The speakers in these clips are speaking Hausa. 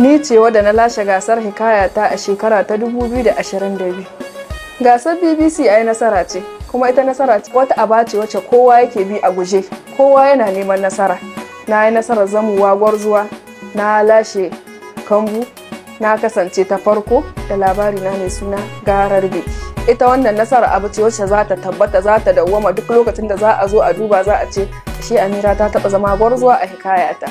Ni ce wadda na lashe gasar hikaya ta a shekara ta 2022. Gasar BBC a yi nasara ce, kuma ita nasara ce wata aba ce wacce kowa yake bi a guje, kowa yana neman nasara. Na yi nasarar zamuwa gwarzuwa, na lashe kambu, na kasance ta farko da labari na mai suna garar biki. ita wannan nasara abu ce wacce za ta tabbata za ta dawwama duk lokacin da za a zo a duba za a ce shi amira ta taba zama gwarzuwa a hikayata.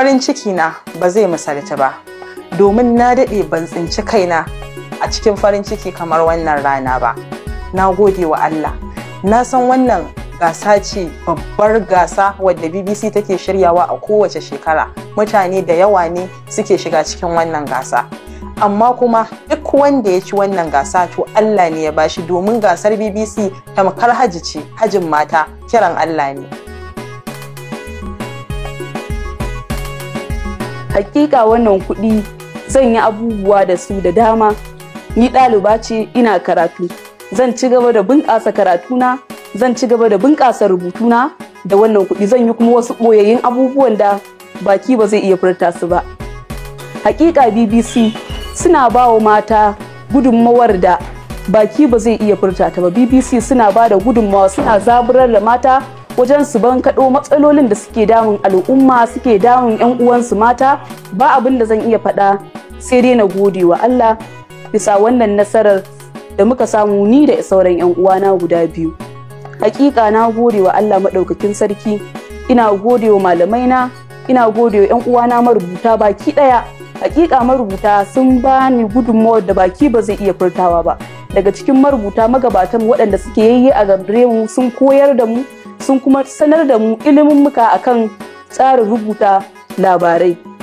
farin ciki na ba zai misalci ba domin na daɗe ban tsinci kaina a cikin farin ciki kamar wannan rana ba na gode wa Allah na san wannan gasa ce babbar gasa wadda bbc take shiryawa a kowace shekara mutane da yawa ne suke shiga cikin wannan gasa amma kuma duk wanda ya ci wannan gasa to Allah ne ya bashi domin gasar bbc tamkar hajji ce hajjin mata kiran Allah ne hakika wannan kuɗi zan yi abubuwa da su da dama ni ɗaliba ce ina karatu zan ci gaba da bunƙasa karatuna zan ci gaba da bunƙasa rubutuna da wannan kuɗi zan yi kuma wasu ɓoyayyun abubuwan da baki ba zai iya furta su ba hakika bbc suna ba wa mata gudunmawar da baki ba zai iya furta ta ba bbc suna ba da gudunmawa suna zaburar da mata wajen su ban kaɗo matsalolin da suke damun al'umma suke damun 'yan uwansu mata ba abin da zan iya faɗa sai dai na gode wa Allah bisa wannan nasarar da muka samu ni da sauran 'yan uwana guda biyu. Hakika na gode wa Allah maɗaukakin sarki, ina gode wa malamaina, ina gode wa 'yan uwana marubuta baki ɗaya. Hakika marubuta sun ba ni gudunmawar da baki ba zai iya furtawa ba. Daga cikin marubuta magabatan waɗanda suke yayye a gare mu sun koyar da mu sun kuma sanar da mu ilimin muka akan tsarin rubuta labarai